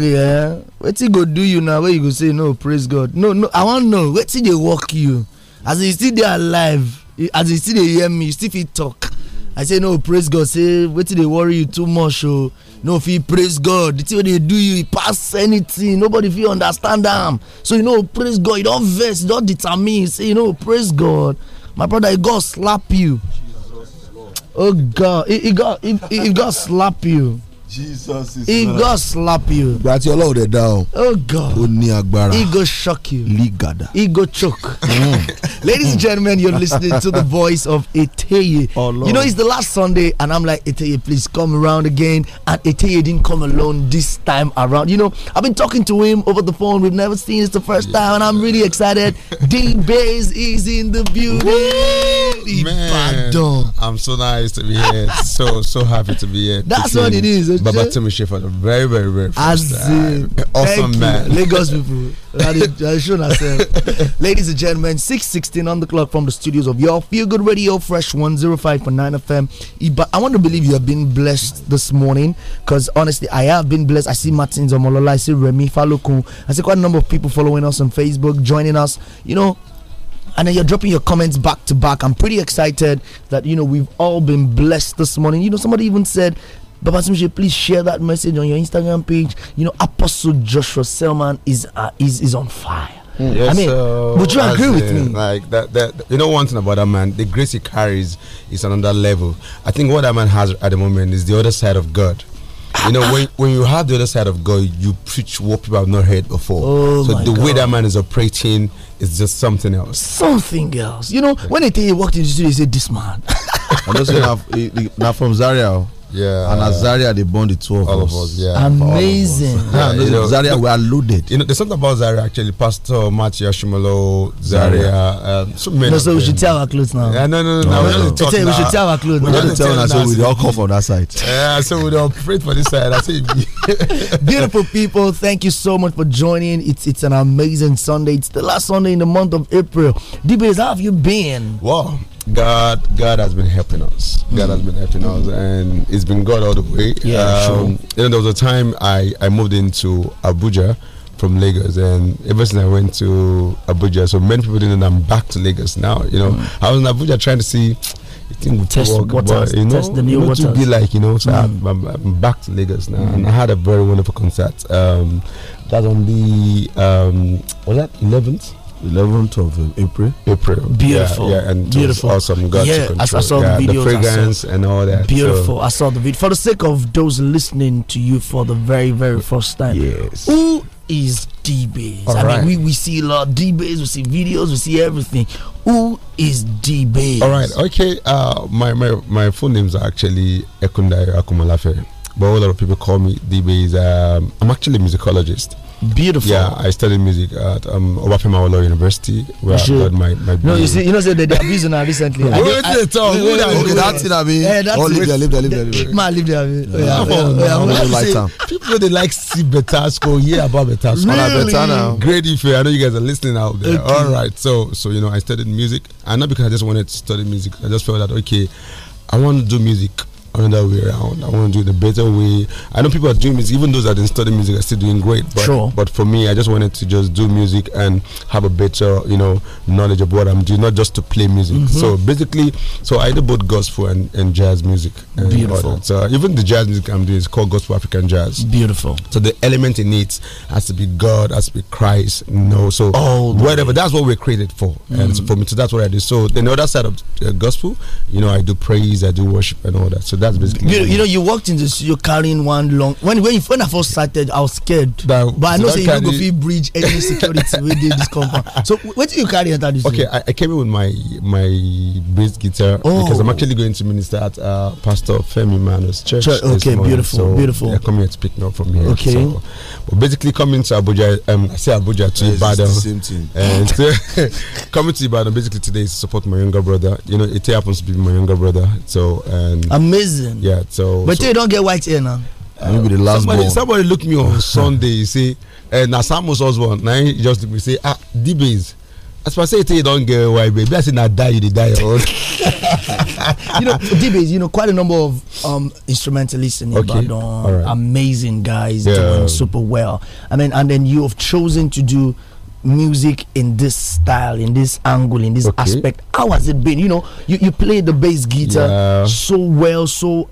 honestly eh wetin go do you now wey you go say no praise god no no i wan know wetin dey work you as you still dey alive as you still dey hear me you still fit talk i say no praise god say wetin dey worry you too much o oh? no fit praise god the thing wey dey do you e pass anything nobody fit understand am so you know praise god you don vex you don determine say you know praise god my brother if god slap you oh god if god if god slap you Jesus is he go slap you. ìgbà tí ọlọ́run rẹ̀ dá ọ. oh God ó ní agbára. he go shock you. ligada. he go choke. Mm. ladies and gentlemen you're listening to the voice of Eteye. Oh, you know it's the last Sunday and I'm like Eteye please come around again and Eteye didn't come alone this time around. You know I've been talking to him over the phone we've never seen it's the first yeah. time and I'm really excited. d base is in the building. Man, I'm so nice to be here. so so happy to be here. That's what it is. Baba Timishe for the very very very first As time. awesome man. Lagos people, ladies and gentlemen, six sixteen on the clock from the studios of your Feel Good Radio, Fresh one zero oh five point nine FM. But I want to believe you have been blessed this morning, because honestly, I have been blessed. I see Martin Zomolola, I see Remy Falokun, I see quite a number of people following us on Facebook, joining us. You know, and then you're dropping your comments back to back. I'm pretty excited that you know we've all been blessed this morning. You know, somebody even said, Baba please share that message on your Instagram page. You know, Apostle Joshua Selman is uh, is is on fire. Mm. Yes, I mean, would you agree with me? Like that, that, you know, one thing about that man, the grace he carries is another level. I think what that man has at the moment is the other side of God. You know, when, when you have the other side of God, you preach what people have not heard before. Oh so the God. way that man is operating is just something else. Something else. You know, when they tell you walked into the studio, they say, This man. and also, now from Zaria. Yeah. And Azaria, they born the two of all us. Of us yeah. Amazing. Us. Yeah, yeah, you know, Zaria, we are loaded. You know, there's something about Zaria actually. Pastor Matthew Ashimolo, Zaria, um, so No, so we should tear our clothes now. Yeah, no, no, no. no, no, no. no. We, we should tear our clothes. We're not tell us, so we all come from that side. Yeah, so we all pray for this side. I say, beautiful people, thank you so much for joining. It's it's an amazing Sunday. It's the last Sunday in the month of April. DBS, how have you been? Wow, God, God has been helping us. God mm. has been helping mm. us, mm-hmm. and it's been God all the way. Yeah, um, sure. You know, there was a time I I moved into Abuja from Lagos, and ever since I went to Abuja, so many people didn't. I'm back to Lagos now. You know, mm. I was in Abuja trying to see. Thing test work, waters, but, you know, test the new waters. to be like you know. So mm. I'm, I'm, back to Lagos now, and mm. I had a very wonderful concert. Um, that on the um, was that 11th 11th of um, April. April. Beautiful. Yeah, yeah and beautiful. awesome. God yeah, I, I, saw yeah, the videos. The fragrance saw, and all that. Beautiful. So. I saw the video. For the sake of those listening to you for the very, very first time. Yes. Who is D-Base? I right. mean, we, we see a lot of D-Base. We see videos. We see everything. Who is D-Base? All right. Okay. Uh, my, my, my full names are actually Ekundai Akumalafe. But a lot of people call me D-Base. Um, I'm actually a musicologist. Beautiful. Yeah, I studied music at um, Obafemi Awolowo University, where I got my my. No, you see, you know, said so they recently. Who is wait, talk. Wait, wait, that's it. I mean, yeah, that's oh, live there, live there, live there, leave there. Man, leave there. Yeah, yeah, yeah, yeah, yeah. People they like see better school, hear about better school. Really? Better now. Great if I know you guys are listening out there. Okay. All right, so so you know, I studied music, and not because I just wanted to study music. I just felt that okay, I want to do music another way around. I want to do it the better way. I know people are doing music, even those that didn't study music are still doing great. But, sure. but for me, I just wanted to just do music and have a better, you know, knowledge of what I'm doing, not just to play music. Mm -hmm. So basically, so I do both gospel and, and jazz music. And Beautiful. So even the jazz music I'm doing is called gospel African jazz. Beautiful. So the element in it has to be God, has to be Christ, you know, so oh, whatever. That's what we're created for. Mm. And so mm. for me, so that's what I do. So the other side of uh, gospel, you know, I do praise, I do worship and all that. So that's basically. You, you know, you walked in the studio carrying one long. When when, when I first started, I was scared. That, but I know so you go feel bridge any security within this compound. So what do you carry enter this? Okay, I, I, came in with my my bass guitar oh. because I'm actually going to minister at uh, Pastor Femi Manos Church. Church okay, morning. beautiful, so beautiful. They're coming to pick me up from here. Okay, so, but basically coming to Abuja, um, I say Abuja to Baden. Ibadan. Same thing. And coming to Ibadan basically today is to support my younger brother. You know, it happens to be my younger brother. So and amazing yeah, so. But so, you don't get white here now. Uh, maybe the last somebody, born. somebody look me on Sunday, say, and eh, na Samus husband, Now he just we say, ah, As far As say, you don't get white baby. I say, now, die, you die. you know, DBS. you know, quite a number of um, instrumentalists in okay. Ibadan, right. amazing guys yeah. doing super well. I mean, and then you have chosen to do music in this style, in this angle, in this okay. aspect? How has it been? You know, you, you play the bass guitar yeah. so well, so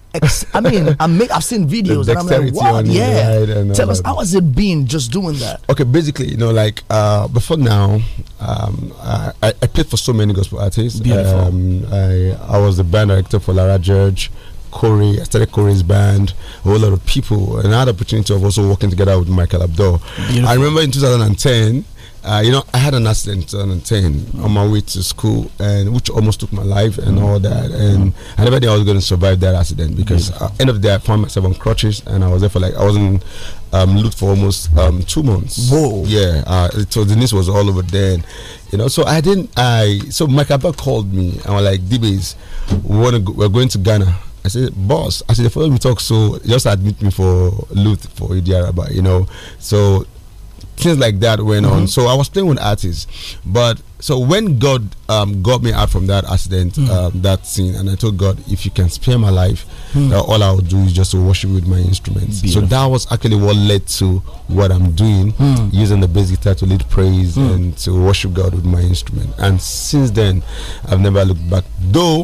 I mean, I make, I've seen videos the and I'm like, wow, yeah. Tell us, how has it been just doing that? Okay, basically, you know, like uh, before now, um, I, I, played for so many gospel artists. Beautiful. Um, I, I was the band director for Lara George. Corey, I started Corey's band, a whole lot of people, and I had the opportunity of also working together with Michael Abdo. Beautiful. I remember in 2010, uh, you know, I had an accident on 10 on my way to school, and which almost took my life and mm. all that. And I never thought I was going to survive that accident because uh, end of the day I found myself on crutches, and I was there for like I wasn't um, looked for almost um, two months. Whoa! Yeah, uh, so the news was all over then, you know. So I didn't. I so my Abba called me and was like, Dibes, we we're going to Ghana." I said, boss, I said, the fellow we talk, so just admit me for loot for Idi you know. So things like that went mm -hmm. on. Mm-hmm. So I was playing with artists, but so when God um, got me out from that accident, mm. Um, that scene, and I told God, if you can spare my life, mm. uh, all I'll do is just to worship with my instruments. Beautiful. So that was actually what led to what I'm doing, mm. using the bass guitar to lead praise mm. and to worship God with my instrument. And since then, I've never looked back. Though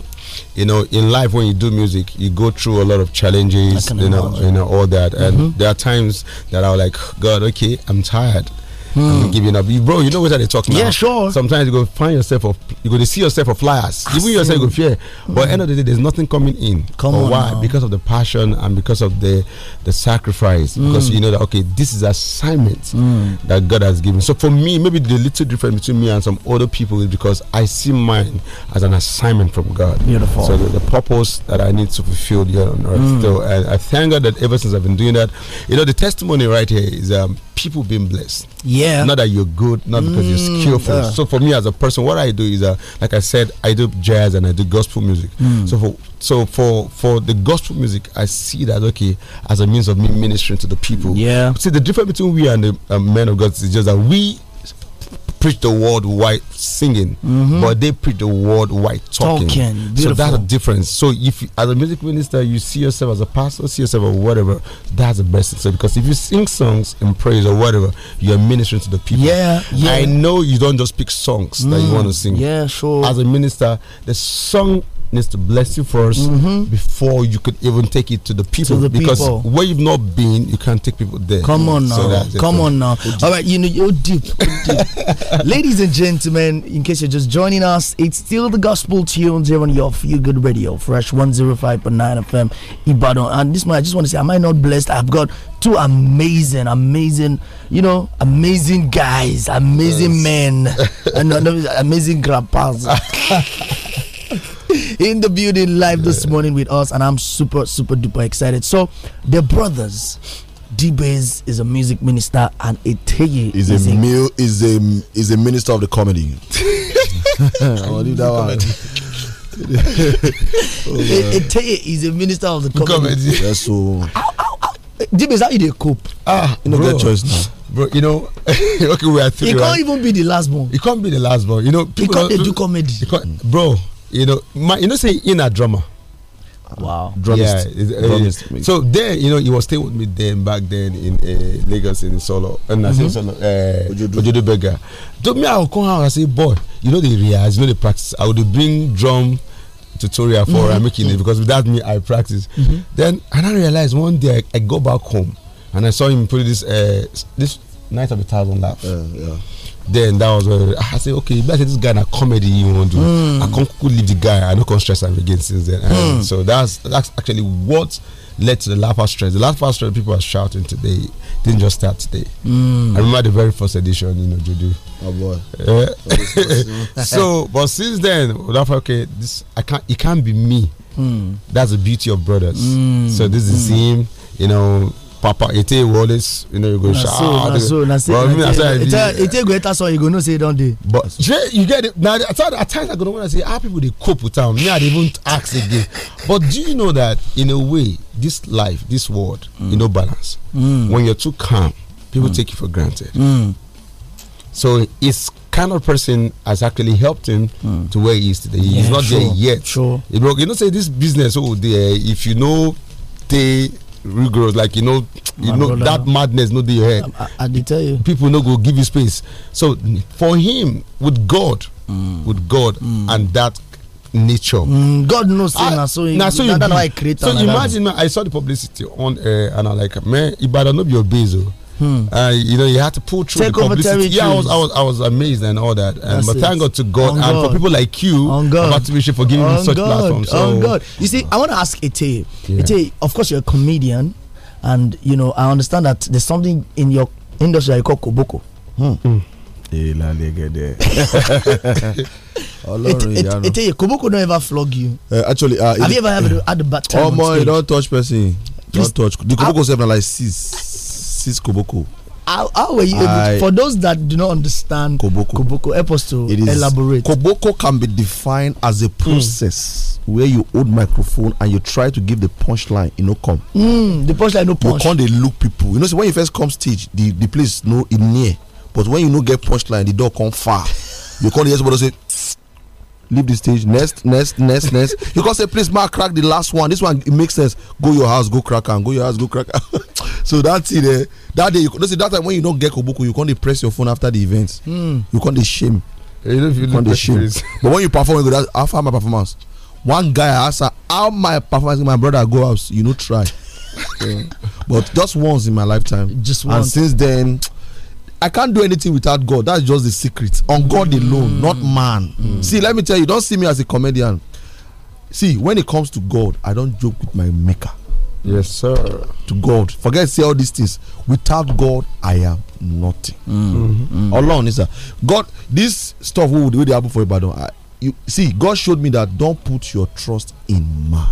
you know, in life when you do music, you go through a lot of challenges, you know, imagine. you know, all that. And mm -hmm. there are times that are like, God, okay, I'm tired mm. giving up. You, bro, you know what they talk now. Yeah, sure. Sometimes you go find yourself of you go to see yourself of flyers. Even yourself you go fear. Mm. But end of the day, there's nothing coming in. Come on why? Now. Because of the passion and because of the the sacrifice. Mm. Because you know that okay, this is assignment mm. that God has given. So for me, maybe the little difference between me and some other people is because I see mine as an assignment from God. Beautiful. So the, the purpose that I need to fulfill here on earth. Hmm. So and I thank God that ever since I've been doing that, you know, the testimony right here is um, people being blessed. Yeah. Yeah. Not that you're good, not because you're mm, skillful. Yeah. So for me as a person, what I do is, uh, like I said, I do jazz and I do gospel music. Mm. So for so for for the gospel music, I see that okay as a means of me ministering to the people. Yeah. See the difference between we and the uh, men of God is just that we preach the word while singing, mm -hmm. but they preach the word while talking. talking. So that's a difference. So if as a music minister, you see yourself as a pastor, see yourself as whatever, that's the best. So because if you sing songs and praise or whatever, you're ministering to the people. Yeah, yeah. I know you don't just pick songs mm, that you mm, want to sing. Yeah, sure. As a minister, the song needs to bless you 1st mm -hmm. before you could even take it to the people. To the because people. where you've not been, you can't take people there. Come on now. So Come on now. All right, you know, you deep. deep. Ladies and gentlemen, in case you're just joining us, it's still the gospel tunes here on your Feel Good Radio, Fresh 105.9 FM, Ibadan. And this one, I just want to say, am I not blessed? I've got two amazing, amazing, you know, amazing guys, amazing yes. men, and, and amazing grandpas. in the building live yeah. this morning with us, and I'm super, super duper excited. So, the brothers. D-Baze is a music minister and Eteye is, is a, a mil, is a oh, is a minister of the comedy. I'll leave that one. oh, Eteye is a minister of the comedy. comedy. Yes, so. How, how, you dey cope? Ah, you no know, get choice now. Bro, you know, okay, we are three. It can't even be the last one. It can't be the last one. You know, people, it can't do comedy. bro you know, my, you know, say in a drummer. Wow, drummist. Yeah, uh, drummist. Uh, so then you know he was staying with me then back then in uh, Lagos in Solo and uh, mm -hmm. Solo uh, Beggar. To me, I will come out and say, boy, you know the rehearse, you know the practice. I would bring drum tutorial for mm -hmm. making it mm-hmm. because without me, I practice. Mm -hmm. Then and I realized one day I, I, go back home and I saw him play this uh, this Night of a Thousand Laughs. that. yeah then that was when I say okay, better this guy in a comedy you want to do. Mm. I can't leave the guy. I don't stress him again since then. Mm. so that's that's actually what led to the Lapa stress. The Lapa stress people are shouting today didn't just start today. Mm. I remember the very first edition, you know, Juju. Oh boy. Yeah. so, but since then, okay, this I can't. It can't be me. Hmm. That's the beauty of brothers. Hmm. So this is hmm. him. You know papa ete will always you know you go shout na so na so na so na so ete go enter sun you go know say e don dey. but you get it na at times i go to say how people dey cope with am me i dey even ask again but do you know that in a way this life this world mm. you no know, balance mm. when you're too calm people mm. take you for granted. Mm. so it's kind of person has actually helped him mm. to where he is today. He's yeah, not sure, there yet. Sure. You know, you know, say this business, oh, there, if you know, they rigorous like you know you know that madness no dey your I, I, tell you people no go give you space so for him with god mm. with god mm. and that nature mm, god knows say ah, na so na so you be so imagine i saw the publicity on eh, and i like man ibadan no be your base o. Oh. Hmm. Uh, you know, you had to pull through Take the publicity. Yeah, I was, I was, I was amazed and all that. And, but thank God to God on and God. for people like you, on God. about to be for giving on me such God. platforms. So. God, you see, I want to ask Ete. Yeah. of course, you're a comedian, and you know, I understand that there's something in your industry you call koboko. Hmm. Hmm. it, eh, it, koboko don't ever flog you. Uh, actually, uh, have you ever had, had a bad time? Oh my, don't touch person. Don't touch. The koboko seven like six six koboko. How, how were you I, for those that do not understand koboko, koboko help us to elaborate. Koboko can be defined as a process mm. where you hold microphone and you try to give the punchline, you know, come. Mm, the punchline no punch. You can't look people. You know, so when you first come stage, the, the place no in near. But when you no get punchline, the door come far. You can't hear somebody say leave the stage next next next next you can say please mark crack the last one this one it makes sense go your house go crack am go your house go crack am so that's it eh that day you no see that time when you don get kobuku you can dey press your phone after the event mm. you con dey shame you, you not dey shame but when you perform you go ask how far my performance one guy ask how my performance my brother go house you no try but just once in my lifetime just once and since then I can't do anything without God. That's just the secret. On God alone, not man. Mm. See, let me tell you, don't see me as a comedian. See, when it comes to God, I don't joke with my maker. Yes, sir. To God. Forget say all these things. Without God, I am nothing. Mm. Mm. Alone is God, this stuff will the apple for Ibadan. I, you see, God showed me that don't put your trust in man.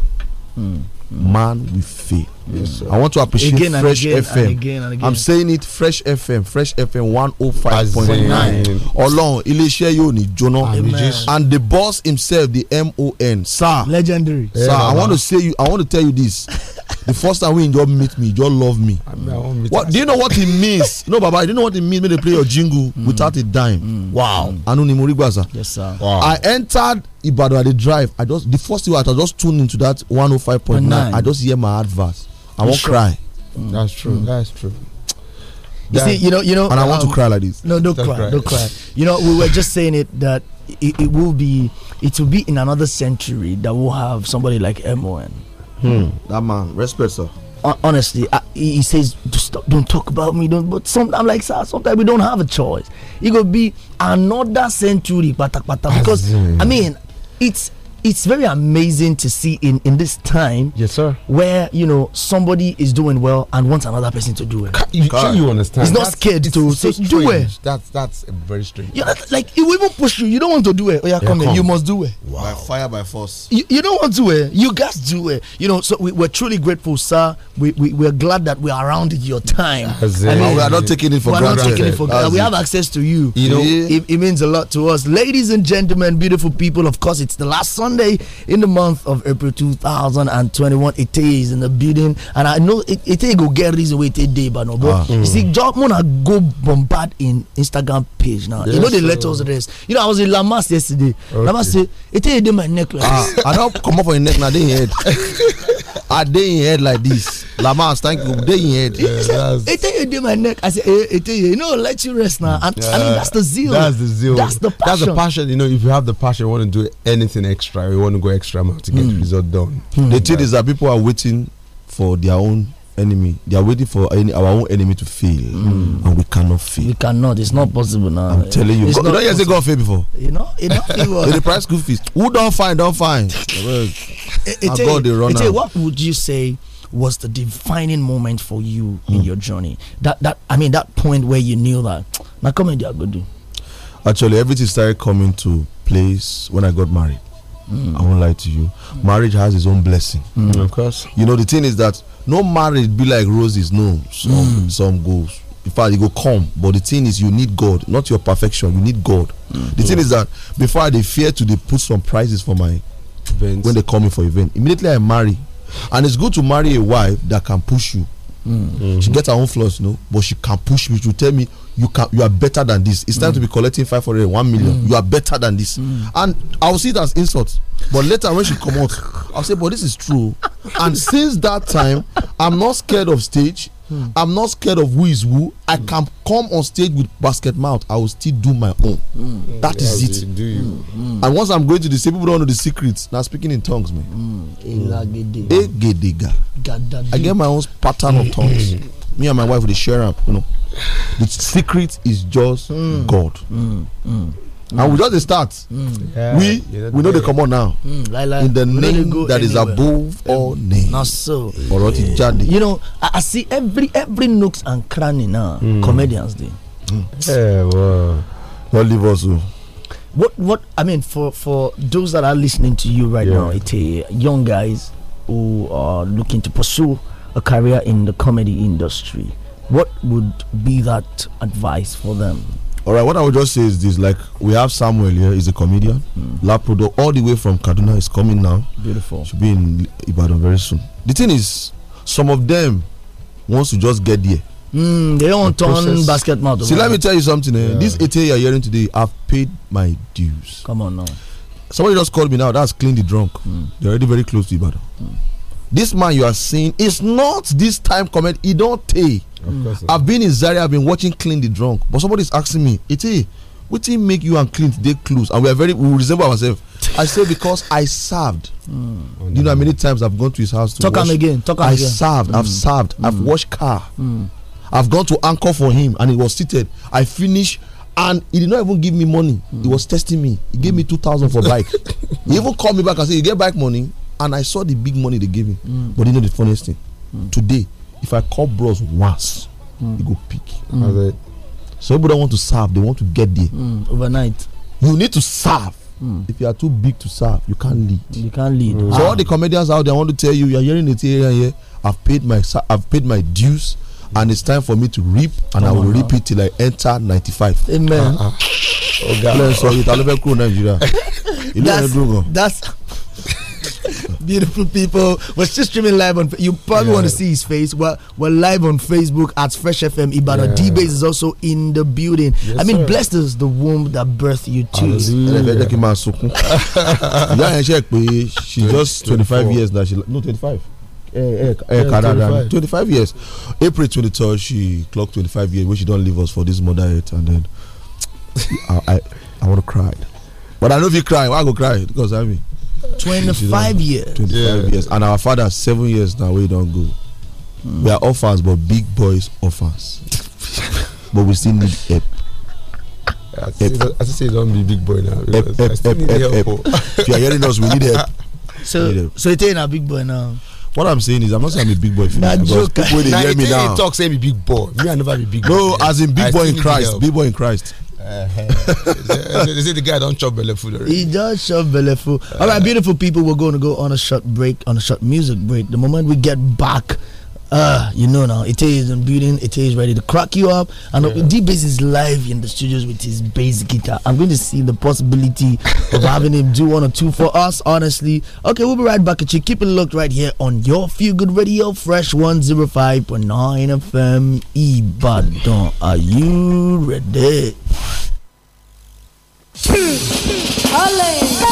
Mm man with faith. Yes, I want to appreciate again Fresh again, FM. And again, and again. I'm saying it Fresh FM, Fresh FM 105.9. Ọlọ́run iléeṣẹ́ yóò ní And the boss himself, the MON, sir. Legendary. Sir, yeah, I want to say you, I want to tell you this the first time when you just meet me, you just love me. what do you know what he means? no, Baba, I do not know what he means when they play your jingle mm. without a dime. Mm. Wow. Mm. Anunimurigwaza. Yes, sir. Wow. I entered Ibadan at the drive. I just the first thing I just tuned into that 105.9. I just hear my adverse. I will sure. cry. Mm. That's true. Mm. That's true. You yeah. see, you know, you know, and I um, want to um, cry like this. No, no cry, cry, do cry. You know, we were just saying it that it, it will be, it will be in another century that we'll have somebody like MON Hmm. That man, respect, sir. Honestly, I, he says, don't talk about me. Don't. But sometimes, like sir, sometimes we don't have a choice. It could be another century, pata, pata, because I mean, it's it's very amazing to see in in this time yes sir where you know somebody is doing well and wants another person to do it you, sure you understand he's not that's, scared to say do it that's that's very strange yeah like it will even push you you don't want to do it oh yeah, yeah come, come. Here. you must do it wow. by fire by force you, you don't want to do it you guys do it you know so we, are truly grateful sir we, we we're glad that we're around your time I mean, we are not taking it for granted it for we have access to you you know yeah. it, it means a lot to us ladies and gentlemen beautiful people of course it's the last Sunday Sunday in the month of April 2021. It is in the building, and I know it, it go get reason with it day, but no, but ah. you see, mm. job I go bombard in Instagram page now. Yes, you know, they let us rest. You know, I was in Lamas yesterday. Okay. Lamas say, it is my necklace. Ah, I don't come up for your neck now, they head. I day ah, in head like this. Lamas, thank you. Day in head. It ain't you my neck. I say, eh, it you. you. know, let you rest now. And, yeah. I mean, that's the zeal. That's the zeal. That's the passion. That's the passion. You know, if you have the passion, you want to do anything extra extra, you want to go extra mile to get mm. result done. Mm. The thing right. is that people are waiting for their own enemy. They are waiting for any, our own enemy to fail, mm. and we cannot fail. We cannot. It's not possible now. I'm telling you. It's do not you say God fail before. You know, you know. the price school feast. Who don't find, don't find. it, it, God, they run it, What would you say? was the defining moment for you mm. in hmm. your journey that that i mean that point where you knew that now come and do actually everything started coming to place when i got married Mm. I won't lie to you. Mm. Marriage has its own blessing. Mm. Mm. Of course. You know the thing is that no marriage be like roses. No, some mm. some goes. In fact, it go come. But the thing is, you need God, not your perfection. You need God. The thing is that before they fear to they put some prices for my Events. when they call me for event. Immediately I marry, and it's good to marry a wife that can push you. Mm. Mm -hmm. She gets her own flaws, you no, know, but she can push me. She will tell me, you can you are better than this it's time mm. to be mm. collecting 500 1 million mm. you are better than this mm. and i'll see it as insult but later when she come out i'll say but this is true and since that time i'm not scared of stage Hmm. I'm not scared of who is who. I hmm. can come on stage with basket mouth. I will still do my own. Hmm. That is That is it. Do And once I'm going to the same people don't know the secrets. Now speaking in tongues, man. I get my own pattern of tongues. Me and my wife we share up. You know, the secret is just God and we just dey start mm. we yeah, we no dey comot now mm, in the name that is above um, all names na so jáde. you know i, I see every every nooks and cranny now mm. comedians dey. Mm. Yeah, well, do leave us o. Oh. what what i mean for for those that are listening to you right yeah. now it's a young guys who are looking to pursue a career in the comedy industry what would be that advice for them all right, what I would just say is this: like we have Samuel here, he's a comedian, mm. Laprodo, all the way from Kaduna is coming now. Beautiful. Should be in Ibadan very soon. The thing is, some of them wants to just get there. Mm, they don't turn process. basket model. See, let me tell you something. Eh? Yeah. This ETA you're hearing today, I've paid my dues. Come on now. Somebody just called me now. That's clean the drunk. Mm. They're already very close to Ibadan. Mm this man you are seeing is not this time comment he don't take i've been in zaria i've been watching clean the drunk but somebody's asking me it is what he make you and clint dey close and we are very we resemble ourselves i say because i served mm. you know how many times i've gone to his house to talk am again talk again i served mm. i've hmm. served mm. i've hmm. washed car hmm. i've gone to anchor for him and he was seated i finished and he did not even give me money he was testing me he gave me two thousand for bike he even called me back and say you get bike money and I saw the big money they gave me. Mm. But you know the funniest thing? Mm. Today, if I call bros once, mm. go pick. Mm. people don't want to serve, they want to get there. Hmm. Overnight. You need to serve. Hmm. If you are too big to serve, you can't lead. You can't lead. Hmm. So ah. all the comedians out there, I want to tell you, you are hearing it here and here. I've paid my I've paid my dues, and it's time for me to reap, and oh I will reap it till I enter ninety five. Amen. Uh -uh. Oh God. That's, that's Beautiful people. We're still streaming live on. You probably yeah. want to see his face. We're, we're live on Facebook at Fresh FM Ibadan. Yeah. D-Base is also in the building. Yes, I mean, sir. blessed is the womb that birthed you too. She's just 25 years now. She, no, 25. Eh, eh, yeah, eh, eh, 25. 25 years april 23rd she clocked 25 years when she don't leave us for this mother yet and then I, I, I want to cry but i know if you cry why go cry because i mean 25 years. 25 yeah. years. And our father, seven years now, we don't go. Mm. We are orphans, but big boys orphans. but we still need help. As I say, don't be big boy now. We ep, ep, ep, if you are hearing us, we need help. So, need help. so you ain't a big boy now. What I'm saying is, I'm not saying I'm a big boy. Now, because joke. people they Talk say be big boy. Me I never be big. No, boy. as in big I boy in Christ. Big boy in Christ. Uh, uh-huh. hey. is, it the guy don't chop belly food already? He does chop belly food. All right, uh-huh. beautiful people, we're going to go on a short break, on a short music break. The moment we get back, uh, you know now, it is in building, it is ready to crack you up. And yeah. D-Bass is live in the studios with his bass guitar. I'm going to see the possibility of having him do one or two for us, honestly. Okay, we'll be right back at you. Keep it locked right here on your Feel Good Radio, Fresh 105.9 FM, Ibadan. Are you ready? Olé!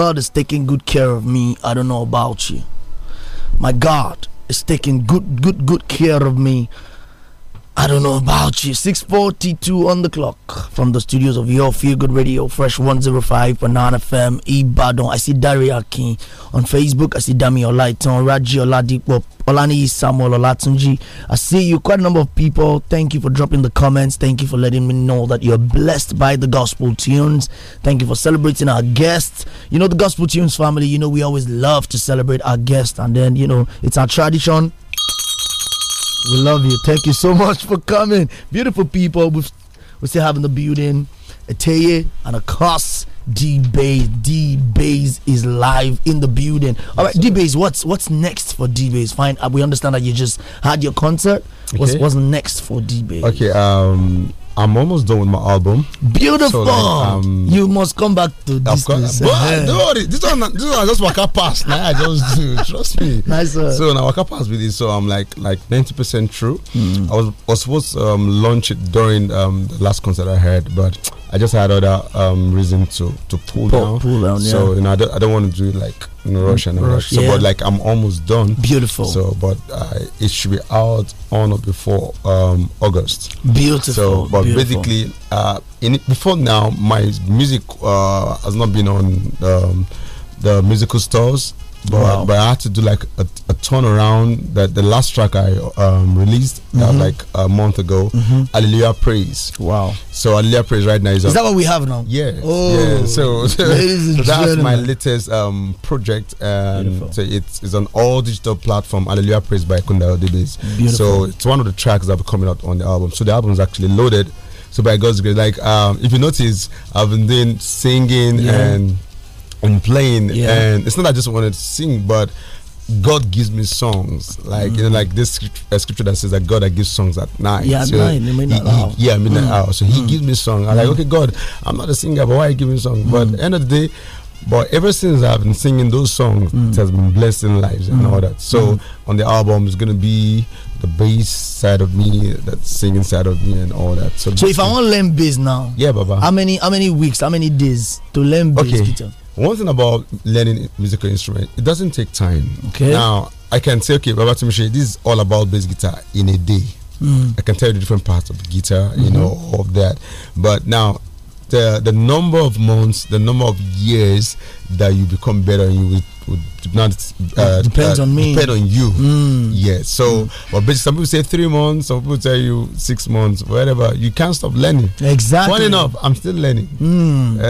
God is taking good care of me. I don't know about you. My God is taking good, good, good care of me. I don't know about you. 642 on the clock from the studios of Your Feel Good Radio, Fresh 105.9 Banana FM, Ibadan. I see Daria Akin on Facebook. I see Dami Olaiton, Raji Oladipo, Olani Samuel Olatunji. I see you, quite a number of people. Thank you for dropping the comments. Thank you for letting me know that you're blessed by the gospel tunes. Thank you for celebrating our guests. You know, the gospel tunes family, you know, we always love to celebrate our guests. And then, you know, it's our tradition we love you. Thank you so much for coming. Beautiful people. we are still having the building. Ateye and a course D Base. D Base is live in the building. All right, D Base, what's what's next for D Base? Fine, uh, we understand that you just had your concert. What's okay. what's next for D Base? Okay, um, I'm almost done with my album. Beautiful. So like, um, you must come back to this. Place. But yeah. don't worry, this one, this one I just walk up past. Now I just do. Trust me. Nice. So now I walk up past with it. So I'm like like 90 percent true. Mm. I was was supposed to um, launch it during um, the last concert I had, but I just had other um, reason to to pull, pull down. Pull down yeah. So you know, I don't, I don't want to do it like in rush and mm, rush. So, yeah. but like I'm almost done. Beautiful. So, but uh, it should be out on or before um, August. Beautiful. So, but Beautiful. basically, uh, in before now, my music uh, has not been on um, the musical stores but, wow. but I had to do like a, a turnaround. That the last track I um, released mm -hmm. like a month ago, mm mm-hmm. -hmm. Alleluia Praise. Wow. So Alleluia Praise right now is. Is that what we have now? Yeah. Oh. Yeah. So, so that's gentlemen. my latest um, project. so it's, it's on all digital platform. Alleluia Praise by Kunda Odebis. So it's one of the tracks that will be coming out on the album. So the album is actually loaded. So by God's grace, like um, if you notice, I've been doing singing yeah. and on playing, yeah. and it's not that I just wanted to sing, but God gives me songs like mm. you know, like this scripture that says that God that gives songs at night. Yeah, so night, midnight he, hour. He, yeah, midnight mm. hour. So He mm. gives me songs. I'm like, mm. okay, God, I'm not a singer, but why are you giving songs? But mm. end of the day, but ever since I've been singing those songs, it mm. has been blessing lives and all that. So on the album, it's gonna be the bass side of me, that singing side of me, and all that. So, so if I want to learn bass now, yeah, Baba. How many how many weeks? How many days to learn bass, okay. Peter? one thing about learning musical instrument, it doesn't take time. Okay. Now I can say, okay, Baba Tumishe, this is all about bass guitar in a day. Mm. I can tell you the different parts of the guitar, you mm -hmm. know, all of that. But now the the number of months, the number of years that you become better and you will not uh, depends uh, on me. Depend on you. Mm. So, mm. but basically, some people say three months. Some people tell you six months. Whatever. You can't stop learning. Exactly. Funny enough, I'm still learning. Mm.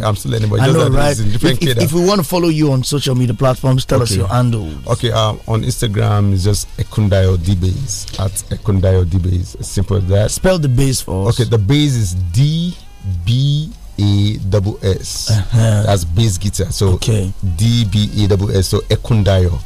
Uh, I'm still learning, but I just know, right? different if, if, if, we want to follow you on social media platforms, tell okay. us your handle. Okay. Um, on Instagram it's just Ekundayo Dbase at Ekundayo Dbase. Simple as that. Spell the base for us. Okay. The base is D B. E double S. Uh -huh. That's bass guitar. So okay. D B E double S. So Ekundayo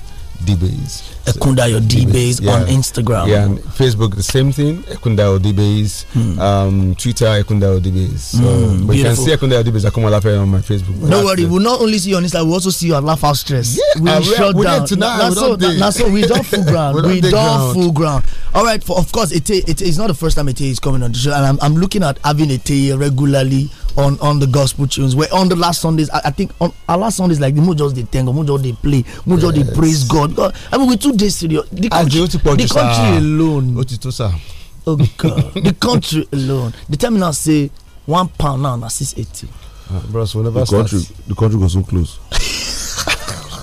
D bass. Ekundayo D bass yeah. on Instagram. Yeah, and Facebook the same thing. Ekundayo D bass. Hmm. Um, Twitter Ekundayo D bass. So mm, but you can see Ekundayo D bass laugh on my Facebook. No worry, we'll not only see you on Instagram, we'll also see you at Laugh House Stress. Yeah, we'll shut down. That's so, that's we don't full ground. we, don't full ground. All right, for, of course, it, it, it's not the first time it is is coming on the show, and I'm, I'm looking at having Ete regularly on on the gospel tunes. where on the last Sundays. I, I think on our last Sundays, like the mo just they tango, mo they play, mojo yes. they praise God. God. I mean, we two days studio The country, the country alone. Oh God, the country alone. The terminal say one pound now na six eighty. Uh, Bros, whenever the country, starts. the country goes so close.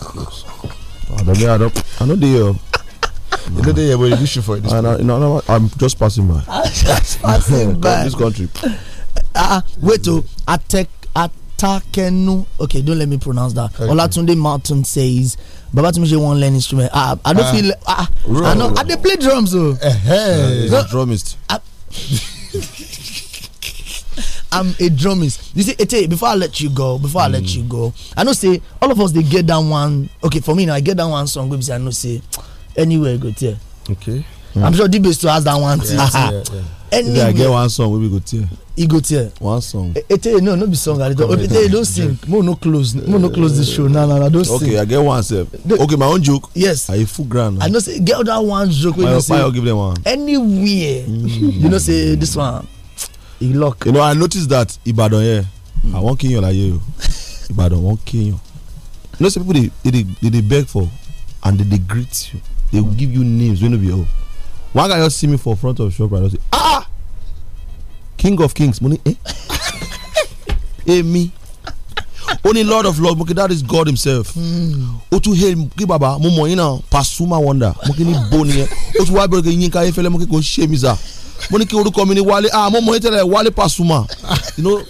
close. I don't know. I don't. I know they. Uh, You uh, for it. This I, no, no, I'm just passing by. i just passing by. This country uh, wait oh attack Atakenu. Okay, don't let me pronounce that. Okay. Olatunde Mountain says, Baba Tumishe will one learn instrument. Ah, I don't uh, feel. Ah, I know. I they play drums oh? Eh, uh, hey. he's I, am a drummer. You see, Ete, before I let you go, before mm. I let hmm. you go, I know say all of us they get down one. Okay, for me now, I get down one song. We say I know say anywhere go there. Okay i'm sure debe to has that one thing. anyway i get one song wey be go tear. e go tear. one song. eteye eh, eh, no no be song i don eteye don sing mo no close mo no close the show na na na don sing. okay i get one sef. okay my own joke. yes. i full ground. i know say get that one joke wey you say. my give them one. anywhere. Mm. you know say this one e lock. you know i notice that ibadan here mm. i wan kill you olaye o ibadan wan kill you. you know say people dey dey dey beg for and dey dey greet you dey give you names wey no be your own one guy just see me for front of shop and I say ah, ah king of kings money eh? eh me? Only lord of lords mo that is god himself hmm. ó tún hail kí baba mo mọ̀ pasuma wonder mo kí ní bo nìyẹn ó tún wá bẹ̀rẹ̀ kí yín ká efele mo kí kò ń ṣe mi sá mo ní kí orúkọ mi ní wálé ah mo mọ̀ tẹ́lẹ̀ wálé pasuma you know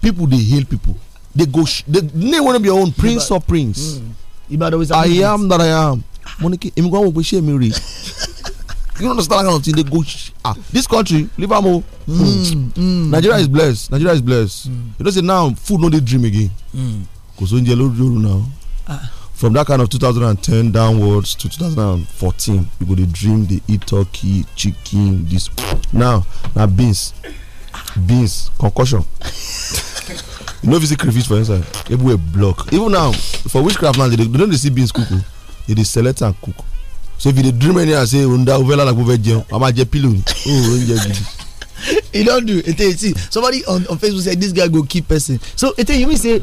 people dey hail people they go they name one of your own prince or prince mm. i am that i am mo ní kí èmi kò wò pé ṣé you don't understand that kind of thing they go ah this country livermore mm, mm, nigeria is blessed nigeria is blessed hmm. you know say now food no dey dream again Cause hmm. so oúnjẹ lórí òru now ah. from that kind of 2010 downwards to 2014 people dey dream dey eat turkey chicken this now na beans beans concussion you no fit see crayfish for inside everywhere block even now for witchcraft now they don dey see beans cook o they dey select am cook so if you dey dream anyhow say onda o fẹ́ lálàá kó fẹ́ jẹun a máa jẹ pillow ni o ò ń jẹ gidi. e don do ete see somebody on on facebook say this guy go kill person so ete you mean say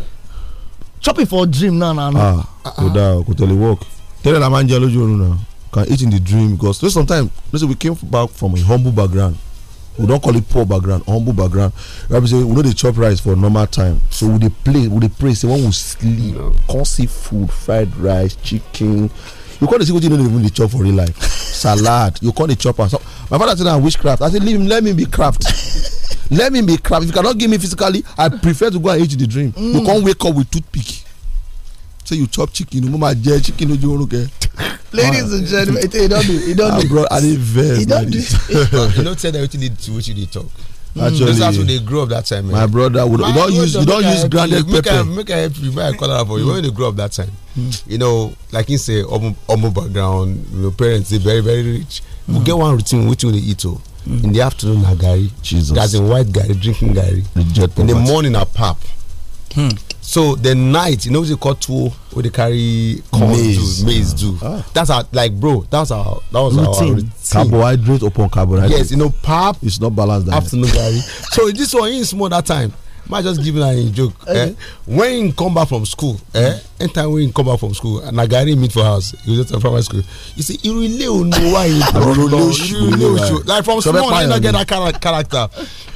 chopping for dream No, na na. Ah, kò ah, ah. dáa kò tẹ̀lé work tẹ́lẹ̀ la máa ń jẹ lójú oorun náà can eat in the dream because you sometimes you know, we came back from a humble background we don call it poor background humble background rabbi say we no dey chop rice for normal time so we dey play we dey pray say when we sleep come see food fried rice chicken you call the single thing you don't even dey chop for real life salad you call the chopper. so my father say na ah, witchcraft i say leave him let me be craft let me be craft if you cannot give me physically i prefer to go and eat the dream mm. you come wake up with toothpick say you chop chicken mo ma jẹ chicken no oorun kẹ. ladies and gentlemen e don do e don do. Bro, i dey vex. e don do. you no tell them wetin dey do wetin dey talk actually those when they grow up that time. Eh? my brother would don't use you don't use grounded pepper. make i help you make i call am for you when you grow up that time. Hmm. you know like him say um background you know parents dey very very rich. we hmm. get one routine wetin we dey eat o. Oh. Hmm. in the afternoon na gari. jesus gats in white gari drinking gari. in the morning na pap. Hmm. So the night, you know, they call two where they carry corn maize, maize do. Ah. That's our like, bro. That's our that was routine. our routine. Carbohydrate upon carbohydrate. Yes, you know, pap. It's not balanced. Afternoon carry. so this one is small that time. Might just give her a joke. Okay. Eh? eh? When he come back from school, eh? Anytime when he come back from school, and Nagari meet for house, he was from primary school. You see, you really don't know why he Like from small, I not get eh? that character.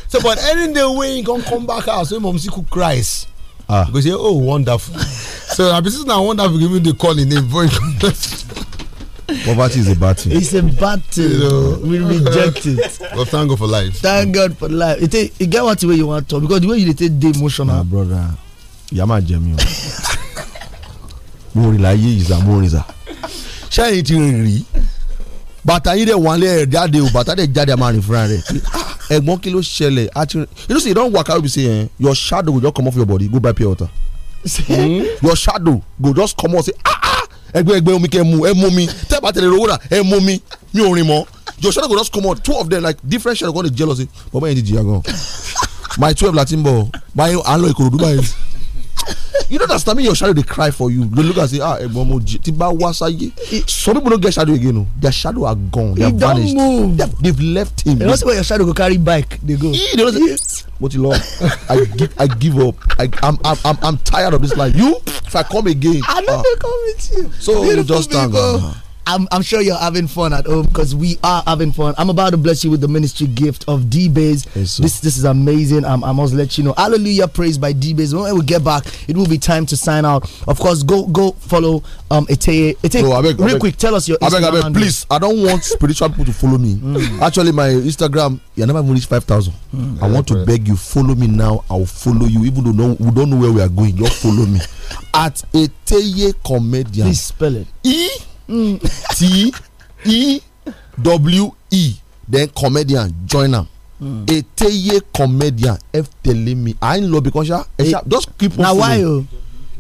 So, but any day when he come come back house, when mom see cook rice ah. go say oh wonderful so abi since now wonderful give the call in name very poverty is a bad thing. it's a bad thing you know, we reject it. but thank God for life. thank God for life It it get one thing you want to because the way you take the emotional. my brother yama Jemio. o mo rila ye iza mo riza. ṣé ẹ̀yin ti rìn bàtà yín dẹ̀ wọ́n lé ẹ̀ jáde o bàtà dẹ̀ jáde a máa rìn ẹ̀gbọ́n kilo ló ṣẹlẹ̀ àti you know say you don waka wey be say eh, your shadow go just comot for your body go buy pure water hmm? your shadow go just comot say ah ah ẹgbẹ́ ẹgbẹ́ omi kẹ́ mu ẹ mu mi tẹ́ bá tẹ̀lé owó rà ẹ mu mi mi ò rìn mọ́ your shadow go just comot two of them like different shadow go dey jealousy bọ́bá yẹn ti jìyà gan my twelve latin ball báyìí à ń lọ Ìkòròdú báyìí. You know that me your shadow they cry for you. They look and say, ah, Tiba wasaye. Some people don't get shadow again. No. Their shadow are gone. They have vanished. They have, they've left him. You know where your shadow go carry bike. They go. He, you do say, I give I give up. I, am I'm, I'm I'm tired of this life. You if I come again. I know ah. come with you. So you just thank God. I'm, I'm sure you're having fun at home because we are having fun. I'm about to bless you with the ministry gift of D Base. Yes, this this is amazing. Um, I must let you know. Hallelujah, praise by D Base. When we get back, it will be time to sign out. Of course, go go follow um Eteye. Eteye, no, abeg, real abeg, quick, tell us your. Abeg, Instagram abeg, please. I don't want spiritual people to follow me. Mm. Actually, my Instagram, you never even reach five thousand. Mm. I want to beg you, follow me now. I'll follow you, even though no, we don't know where we are going. Just follow me at Eteye Comedian. Please spell it. E T E W E. Then comedian join am. Mm. comedian F telling me I love because ya just keep on. Na why o?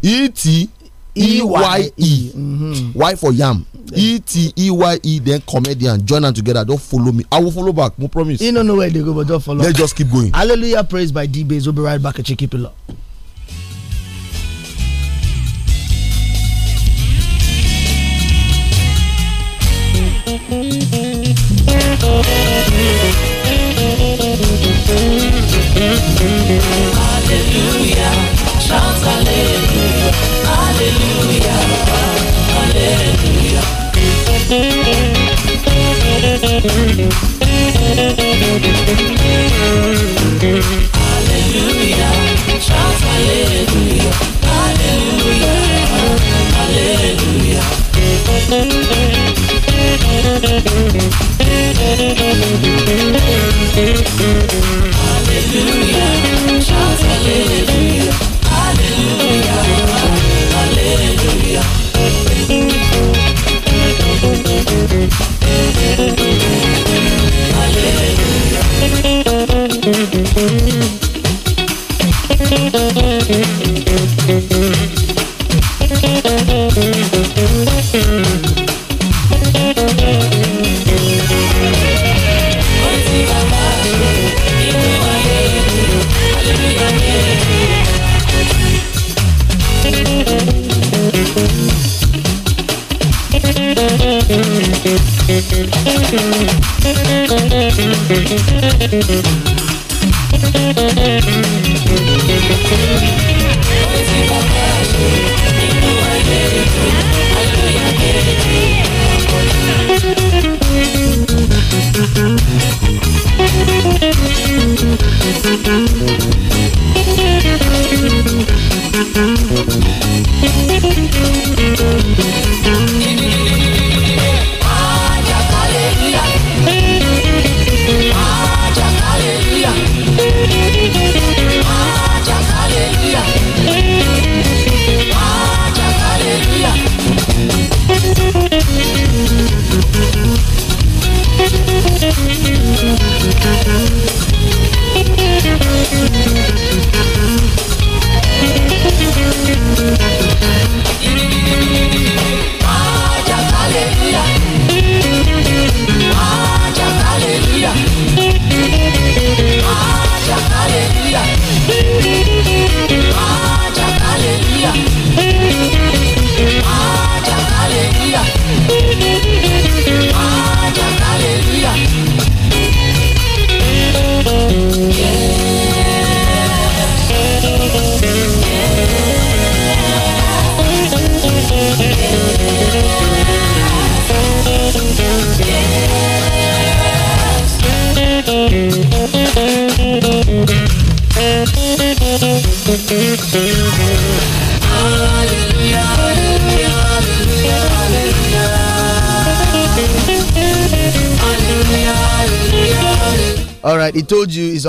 E T E Y E. Hmm. Y for yam. E T E Y E then comedian join am together don follow me. I will follow back, no promise. You do know where they go but don't follow. Let's just keep going. Hallelujah praise by D-Baze. We'll be right back at Chikipilo. Hallelujah. Hallelujah. Hallelujah.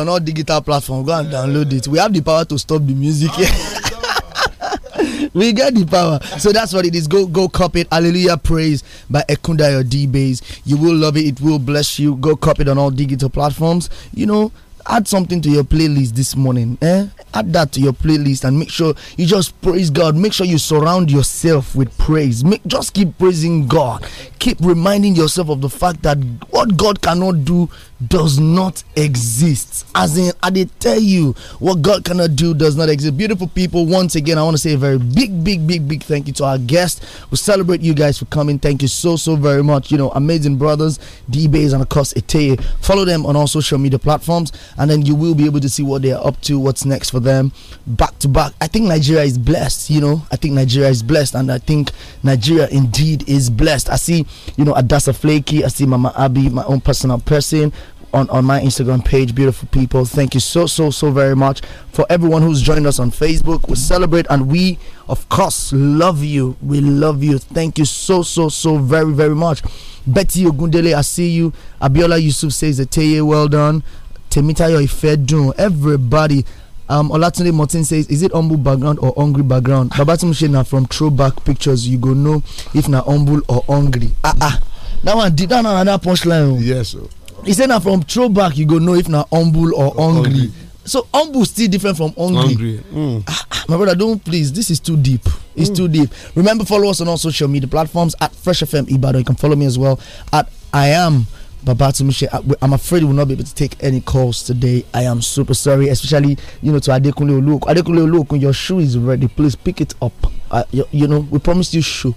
on all digital platforms. Go and download it. We have the power to stop the music. Ah, we get the power. So that's what it is. Go go copy it. Hallelujah praise by Ekundayo D Base. You will love it. It will bless you. Go copy it on all digital platforms. You know, add something to your playlist this morning. Eh? Add that to your playlist and make sure you just praise God. Make sure you surround yourself with praise. Make, just keep praising God keep reminding yourself of the fact that what God cannot do does not exist. As in, I did tell you, what God cannot do does not exist. Beautiful people, once again, I want to say a very big, big, big, big thank you to our guests. We celebrate you guys for coming. Thank you so, so very much. You know, amazing brothers, DBAs, and of course, Eteye. Follow them on all social media platforms, and then you will be able to see what they are up to, what's next for them. Back to back, I think Nigeria is blessed. You know, I think Nigeria is blessed, and I think Nigeria indeed is blessed. I see you know, Adasa Flaky. I see Mama Abby, my own personal person. On, on my Instagram page, beautiful people. Thank you so, so, so very much for everyone who's joined us on Facebook. We celebrate and we, of course, love you. We love you. Thank you so, so, so very, very much. Betty Ogundele, I see you. Abiola Yusuf says, Teye, well done. Temitayo Ifedun, everybody um olatunde martin says is it humble background or hungry background babatunde na from throwback pictures you go know if na humble or hungry ah ah that one did that na another punchline o oh. yes sir. Oh. he say na from throwback you go know if na humble or, or hungry. hungry. so humble still different from hungry, hungry. Mm. Ah, ah, my brother don't please this is too deep it's mm. too deep remember follow us on all social media platforms at fresh fm ibadan you can follow me as well at i am I'm afraid we will not be able to take any calls today. I am super sorry, especially you know to Adekunle Oluokun. Adekunle Oluokun, your shoe is ready. Please pick it up. Uh, you, you know, we promised you shoe.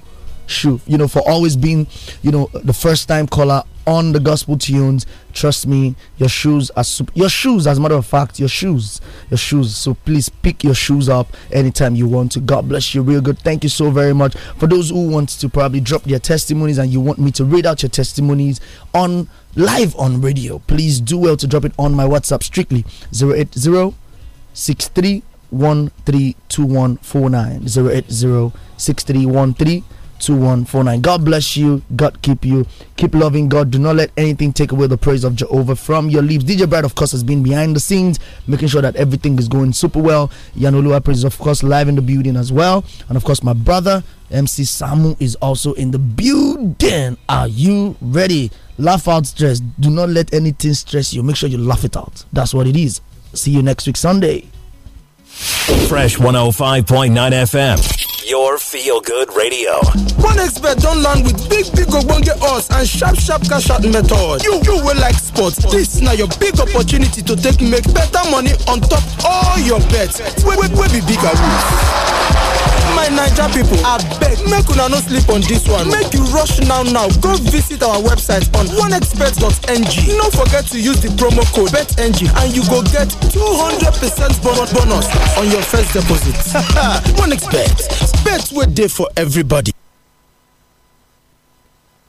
Shoe, you know, for always being, you know, the first time caller on the gospel tunes. Trust me, your shoes are your shoes. As a matter of fact, your shoes, your shoes. So please pick your shoes up anytime you want to. God bless you, real good. Thank you so very much for those who want to probably drop their testimonies and you want me to read out your testimonies on live on radio. Please do well to drop it on my WhatsApp strictly 080 63132149 080 2149. God bless you. God keep you. Keep loving God. Do not let anything take away the praise of Jehovah from your lips. DJ Brad, of course, has been behind the scenes, making sure that everything is going super well. Yanolua Praise is, of course, live in the building as well. And, of course, my brother, MC Samu, is also in the building. Are you ready? Laugh out stress. Do not let anything stress you. Make sure you laugh it out. That's what it is. See you next week, Sunday. Fresh 105.9 FM your feel good radio. One expert don't land with big, big or get us. and sharp, sharp cash out method. You, you will like sports. This now your big opportunity to take make better money on top all your bets. Wait, wait, wait, be bigger. my naija pipo abeg make una no sleep on dis one make you rush now now go visit our website on oneexpert.ng no forget to use the promo code betng and you go get 200 percent bonus on your first deposit one expert bet wey dey for everybody.